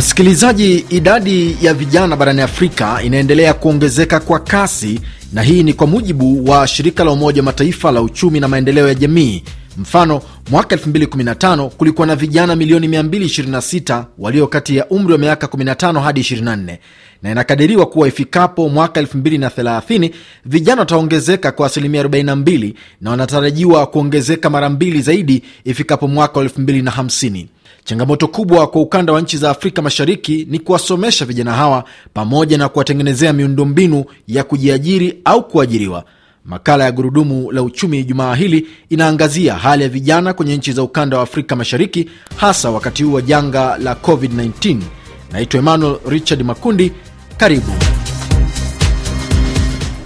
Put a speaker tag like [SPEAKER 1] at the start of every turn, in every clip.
[SPEAKER 1] Msikilizaji, idadi ya vijana barani Afrika inaendelea kuongezeka kwa kasi, na hii ni kwa mujibu wa shirika la Umoja Mataifa la uchumi na maendeleo ya jamii. Mfano, mwaka 2015 kulikuwa na vijana milioni 226 walio kati ya umri wa miaka 15 hadi 24, na inakadiriwa kuwa ifikapo mwaka 2030 vijana wataongezeka kwa asilimia 42 na wanatarajiwa kuongezeka mara mbili zaidi ifikapo mwaka 2050. Changamoto kubwa kwa ukanda wa nchi za Afrika Mashariki ni kuwasomesha vijana hawa pamoja na kuwatengenezea miundombinu ya kujiajiri au kuajiriwa. Makala ya Gurudumu la Uchumi jumaa hili inaangazia hali ya vijana kwenye nchi za ukanda wa Afrika Mashariki, hasa wakati huu wa janga la COVID-19. Naitwa Emmanuel Richard Makundi. Karibu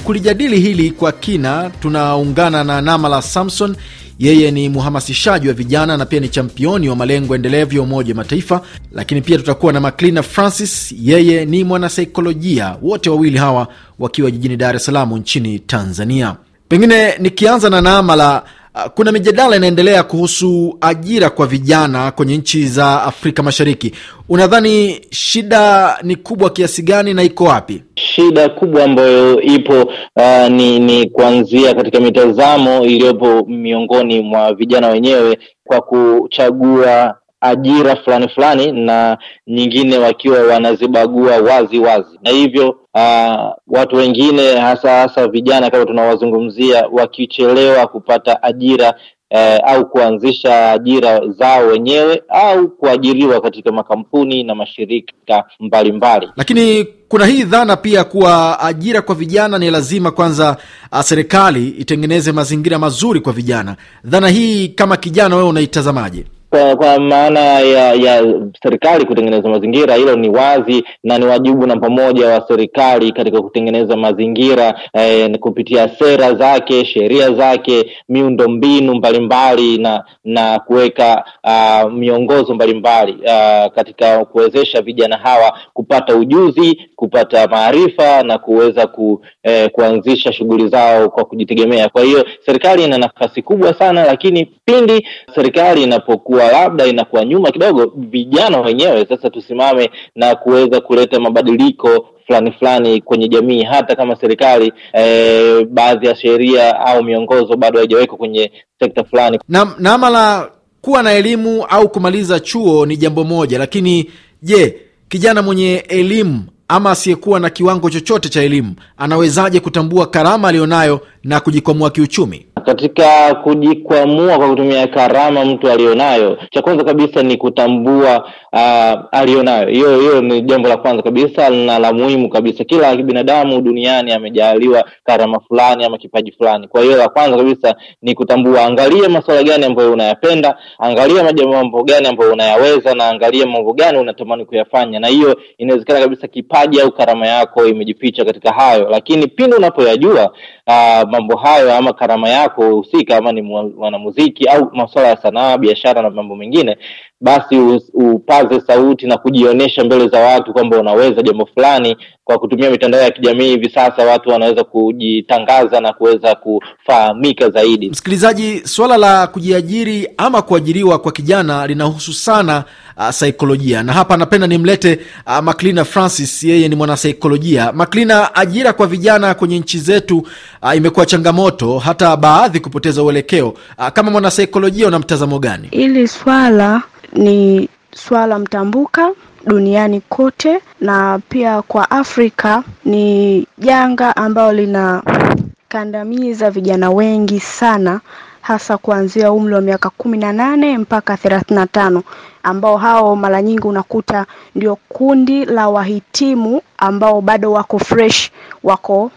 [SPEAKER 1] kulijadili hili kwa kina. Tunaungana na Namala Samson yeye ni mhamasishaji wa vijana na pia ni championi wa malengo endelevu ya Umoja wa Mataifa. Lakini pia tutakuwa na Maclina Francis, yeye ni mwanasaikolojia, wote wawili hawa wakiwa jijini Dar es Salaam nchini Tanzania. Pengine nikianza na Naamala, Ah, kuna mijadala inaendelea kuhusu ajira kwa vijana kwenye nchi za Afrika Mashariki. Unadhani shida ni kubwa kiasi gani na iko
[SPEAKER 2] wapi? Shida kubwa ambayo ipo uh, ni, ni kuanzia katika mitazamo iliyopo miongoni mwa vijana wenyewe kwa kuchagua ajira fulani fulani na nyingine wakiwa wanazibagua wazi wazi, na hivyo uh, watu wengine hasa hasa vijana kama tunawazungumzia, wakichelewa kupata ajira eh, au kuanzisha ajira zao wenyewe au kuajiriwa katika makampuni na mashirika mbalimbali Lakini kuna
[SPEAKER 1] hii dhana pia kuwa ajira kwa vijana ni lazima kwanza ah, serikali itengeneze mazingira mazuri kwa vijana. Dhana hii kama kijana wewe unaitazamaje?
[SPEAKER 2] kwa, kwa maana ya, ya serikali kutengeneza mazingira. Hilo ni wazi na ni wajibu na pamoja wa serikali katika kutengeneza mazingira eh, kupitia sera zake, sheria zake, miundombinu mbalimbali na na kuweka uh, miongozo mbalimbali uh, katika kuwezesha vijana hawa kupata ujuzi, kupata maarifa na kuweza ku, eh, kuanzisha shughuli zao kwa kujitegemea. Kwa hiyo serikali ina nafasi kubwa sana, lakini pindi serikali inapokuwa kuwa labda inakuwa nyuma kidogo, vijana wenyewe sasa tusimame na kuweza kuleta mabadiliko fulani fulani kwenye jamii, hata kama serikali e, baadhi ya sheria au miongozo bado haijawekwa kwenye sekta fulani. Na, na kuwa na elimu au kumaliza
[SPEAKER 1] chuo ni jambo moja, lakini je, kijana mwenye elimu ama asiyekuwa na kiwango chochote cha elimu anawezaje kutambua karama aliyonayo na kujikwamua kiuchumi?
[SPEAKER 2] katika kujikwamua kwa kutumia karama mtu alionayo, cha kwanza kabisa ni kutambua uh, alionayo. Hiyo hiyo ni jambo la kwanza kabisa na la muhimu kabisa. Kila binadamu duniani amejaliwa karama fulani ama kipaji fulani. Kwa hiyo la kwanza kabisa ni kutambua, angalia masuala gani ambayo unayapenda, angalia mambo gani ambayo unayaweza, na angalia mambo gani unatamani kuyafanya, na hiyo inawezekana kabisa kipaji au karama yako imejificha katika hayo, lakini pindi unapoyajua uh, mambo hayo ama karama yako husika ama ni mwanamuziki au masuala ya sanaa biashara na mambo mengine basi upaze sauti na kujionyesha mbele za watu kwamba unaweza jambo fulani kwa kutumia mitandao ya kijamii hivi sasa watu wanaweza kujitangaza na kuweza kufahamika zaidi
[SPEAKER 1] msikilizaji suala la kujiajiri ama kuajiriwa kwa kijana linahusu sana uh, saikolojia na hapa napenda nimlete uh, maclina francis yeye ni mwanasaikolojia maclina ajira kwa vijana kwenye nchi zetu Ah, imekuwa changamoto hata baadhi kupoteza uelekeo. Ah, kama mwanasaikolojia una mtazamo gani?
[SPEAKER 3] Hili swala ni swala mtambuka duniani kote na pia kwa Afrika ni janga ambalo linakandamiza vijana wengi sana hasa kuanzia umri wa miaka kumi na nane mpaka thelathini na tano ambao hao mara nyingi unakuta ndio kundi la wahitimu ambao bado wako fresh, wako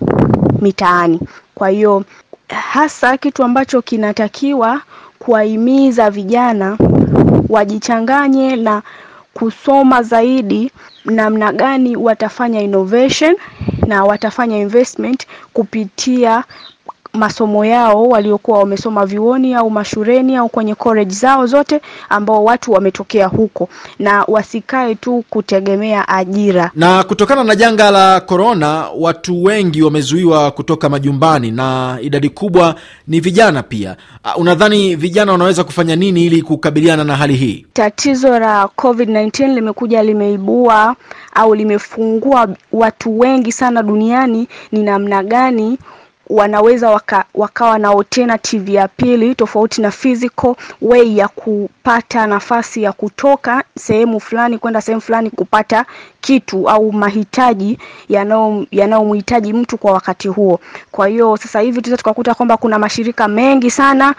[SPEAKER 3] mitaani. Kwa hiyo hasa kitu ambacho kinatakiwa kuwahimiza vijana wajichanganye na kusoma zaidi namna gani watafanya innovation na watafanya investment kupitia masomo yao waliokuwa wamesoma vioni au mashureni au kwenye college zao zote, ambao watu wametokea huko na wasikae tu kutegemea ajira.
[SPEAKER 1] Na kutokana na janga la korona, watu wengi wamezuiwa kutoka majumbani na idadi kubwa ni vijana pia. Ah, unadhani vijana wanaweza kufanya nini ili kukabiliana na hali hii?
[SPEAKER 3] Tatizo la COVID-19 limekuja limeibua au limefungua watu wengi sana duniani ni namna gani wanaweza waka, wakawa na alternative ya pili tofauti na physical way ya kupata nafasi ya kutoka sehemu fulani kwenda sehemu fulani kupata kitu au mahitaji yanayomhitaji ya mtu kwa wakati huo. Kwa hiyo sasa hivi tunaweza tukakuta kwamba kuna mashirika mengi sana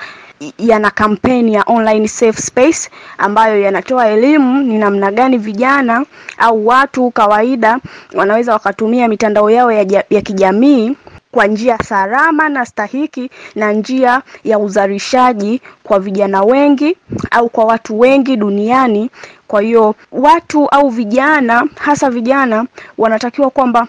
[SPEAKER 3] yana kampeni ya online safe space ambayo yanatoa elimu ni namna gani vijana au watu kawaida wanaweza wakatumia mitandao yao ya, ya kijamii kwa njia salama na stahiki na njia ya uzalishaji kwa vijana wengi au kwa watu wengi duniani. Kwa hiyo watu au vijana, hasa vijana, wanatakiwa kwamba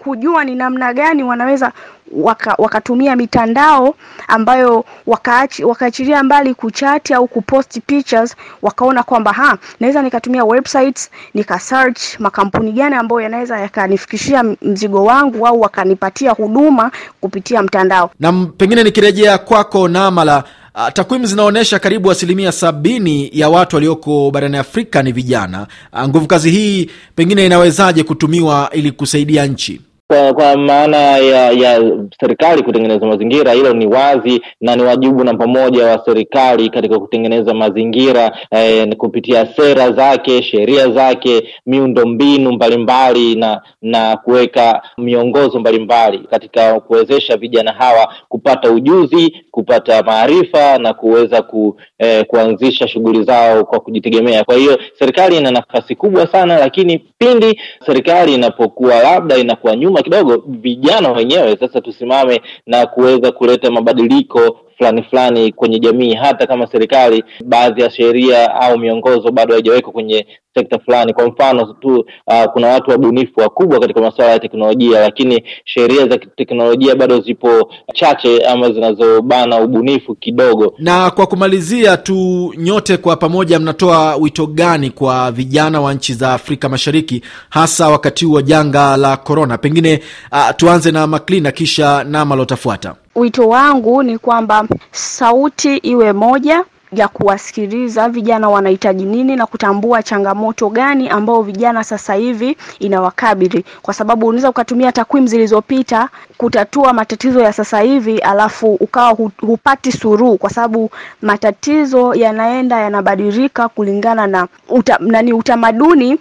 [SPEAKER 3] kujua ni namna gani wanaweza waka, wakatumia mitandao ambayo wakaachi, wakaachilia mbali kuchati au kupost pictures, wakaona kwamba ha, naweza nikatumia websites nika search makampuni gani ambayo yanaweza yakanifikishia mzigo wangu au wakanipatia huduma kupitia mtandao.
[SPEAKER 1] Na pengine nikirejea kwako Namala, takwimu zinaonyesha karibu asilimia sabini ya watu walioko barani Afrika ni vijana. Nguvu kazi hii pengine inawezaje kutumiwa ili kusaidia nchi?
[SPEAKER 2] kwa kwa maana ya ya serikali kutengeneza mazingira, hilo ni wazi na ni wajibu na pamoja wa serikali katika kutengeneza mazingira eh, kupitia sera zake, sheria zake, miundo mbinu mbalimbali na na kuweka miongozo mbalimbali katika kuwezesha vijana hawa kupata ujuzi, kupata maarifa na kuweza ku, eh, kuanzisha shughuli zao kwa kujitegemea. Kwa hiyo serikali ina nafasi kubwa sana, lakini pindi serikali inapokuwa labda inakuwa nyuma kidogo, vijana wenyewe sasa tusimame na kuweza kuleta mabadiliko fulani fulani kwenye jamii, hata kama serikali baadhi ya sheria au miongozo bado haijawekwa kwenye sekta fulani. Kwa mfano tu, uh, kuna watu wabunifu wakubwa katika masuala ya teknolojia, lakini sheria za teknolojia bado zipo chache ama zinazobana ubunifu kidogo.
[SPEAKER 1] Na kwa kumalizia pamoja tu nyote kwa pamoja, mnatoa wito gani kwa vijana wa nchi za Afrika Mashariki, hasa wakati huu wa janga la korona? Pengine uh, tuanze na na kisha Nama lotafuata.
[SPEAKER 3] Wito wangu ni kwamba sauti iwe moja, ya kuwasikiliza vijana wanahitaji nini na kutambua changamoto gani ambao vijana sasa hivi inawakabili, kwa sababu unaweza ukatumia takwimu zilizopita kutatua matatizo ya sasa hivi alafu ukawa hupati suruhu kwa sababu matatizo yanaenda yanabadilika kulingana na uta, nani utamaduni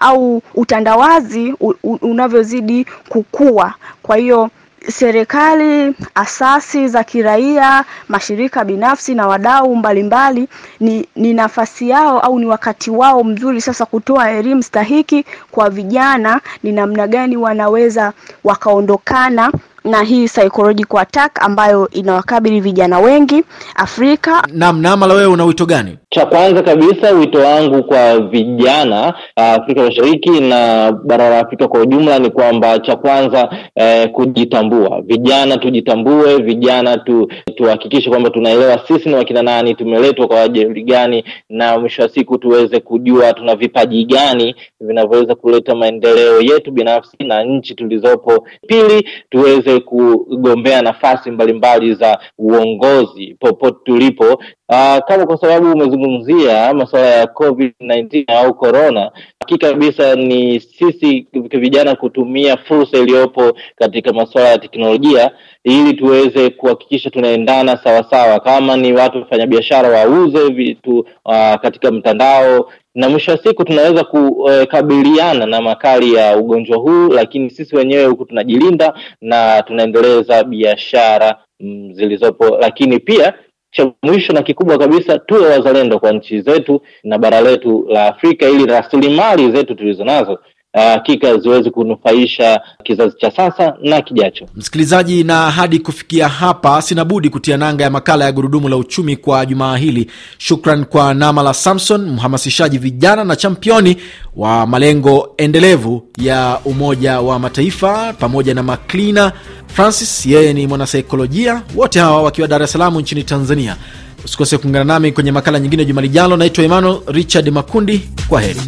[SPEAKER 3] au utandawazi unavyozidi kukua. Kwa hiyo serikali, asasi za kiraia, mashirika binafsi na wadau mbalimbali ni, ni nafasi yao au ni wakati wao mzuri sasa kutoa elimu stahiki kwa vijana, ni namna gani wanaweza wakaondokana na hii psychological attack ambayo inawakabili vijana wengi Afrika.
[SPEAKER 1] Naam, na wewe una wito gani?
[SPEAKER 2] Cha kwanza kabisa, wito wangu kwa vijana uh, Afrika Mashariki na bara la Afrika kwa ujumla ni kwamba cha kwanza eh, kujitambua. Vijana tujitambue, vijana tu, tuhakikishe kwamba tunaelewa sisi ni wakina nani, tumeletwa kwa ajili gani, na mwisho wa siku tuweze kujua tuna vipaji gani vinavyoweza kuleta maendeleo yetu binafsi na nchi tulizopo. Pili tuweze tuweze kugombea nafasi mbalimbali za uongozi popote tulipo. Uh, kama kwa sababu umezungumzia masuala ya COVID-19 au corona, hakika kabisa ni sisi vijana kutumia fursa iliyopo katika masuala ya teknolojia ili tuweze kuhakikisha tunaendana sawasawa, kama ni watu wafanyabiashara wauze vitu uh, katika mtandao na mwisho wa siku tunaweza kukabiliana eh, na makali ya ugonjwa huu, lakini sisi wenyewe huku tunajilinda na tunaendeleza biashara mm, zilizopo, lakini pia cha mwisho na kikubwa kabisa, tuwe wazalendo kwa nchi zetu na bara letu la Afrika, ili rasilimali zetu tulizo nazo Ah, hakika uh, ziweze kunufaisha kizazi cha sasa na kijacho.
[SPEAKER 1] Msikilizaji, na hadi kufikia hapa, sina budi kutia nanga ya makala ya gurudumu la uchumi kwa jumaa hili. Shukran kwa Namala Samson, mhamasishaji vijana na championi wa malengo endelevu ya Umoja wa Mataifa, pamoja na Maklina Francis, yeye ni mwanasaikolojia, wote hawa wakiwa Dar es Salaam nchini Tanzania. Usikose kuungana nami kwenye makala nyingine juma lijalo. Naitwa Emmanuel Richard Makundi, kwa heri.